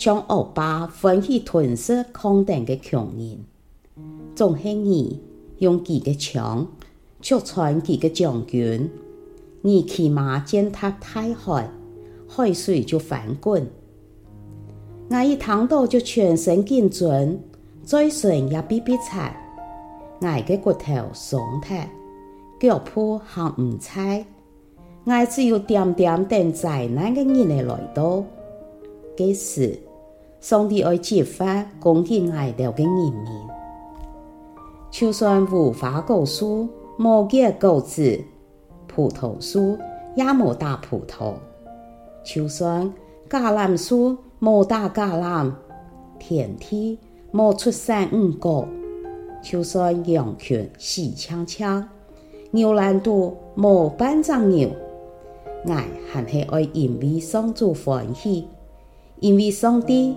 像惡霸歡喜吞噬空定嘅強人，仲係你用佢嘅槍，戳穿佢嘅將軍。你騎馬踐踏大海，海水就翻滾。我、啊、一躺倒就全身痙攣，再順也比比、啊、柴，我嘅骨頭鬆脫，腳步行唔切。我只有點掂等災難嘅人嚟到，即使。上帝愛接發關心愛掉的人民，就算無花果樹，冇結果子，葡萄樹也冇大葡萄；就算橄欖樹冇大橄欖，田地冇出產五穀；就算羊群死槍槍，牛欄肚冇半隻牛，我還是愛因為上帝歡喜，因為上帝。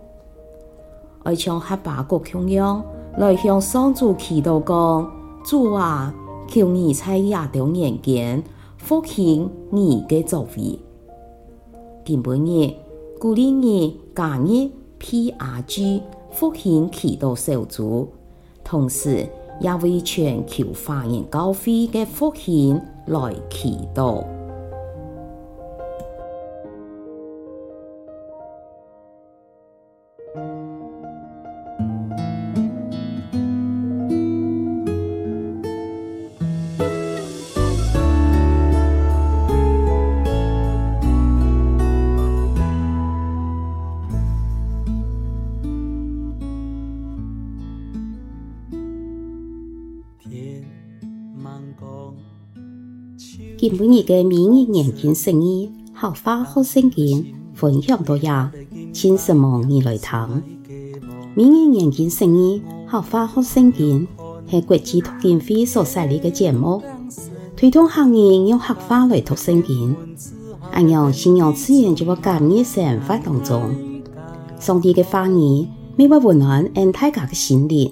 我向哈巴谷向央，來向雙主祈禱講：主啊，求你采廿種年間復興你的作為。前半年，古曆日、假日、P.R.G 復興祈禱小組，同時也為全球華人教會的復興來祈禱。今每日嘅明年眼鏡生意，客語學聖經，分享多呀，請什麼你來聽。明日眼鏡生意，客語學聖經，係國際讀經會所設立嘅節目，推動行業用客語來讀聖經。按讓信仰資源就喺今日生活當中，上帝嘅話語，每晚溫暖俺大家嘅心靈。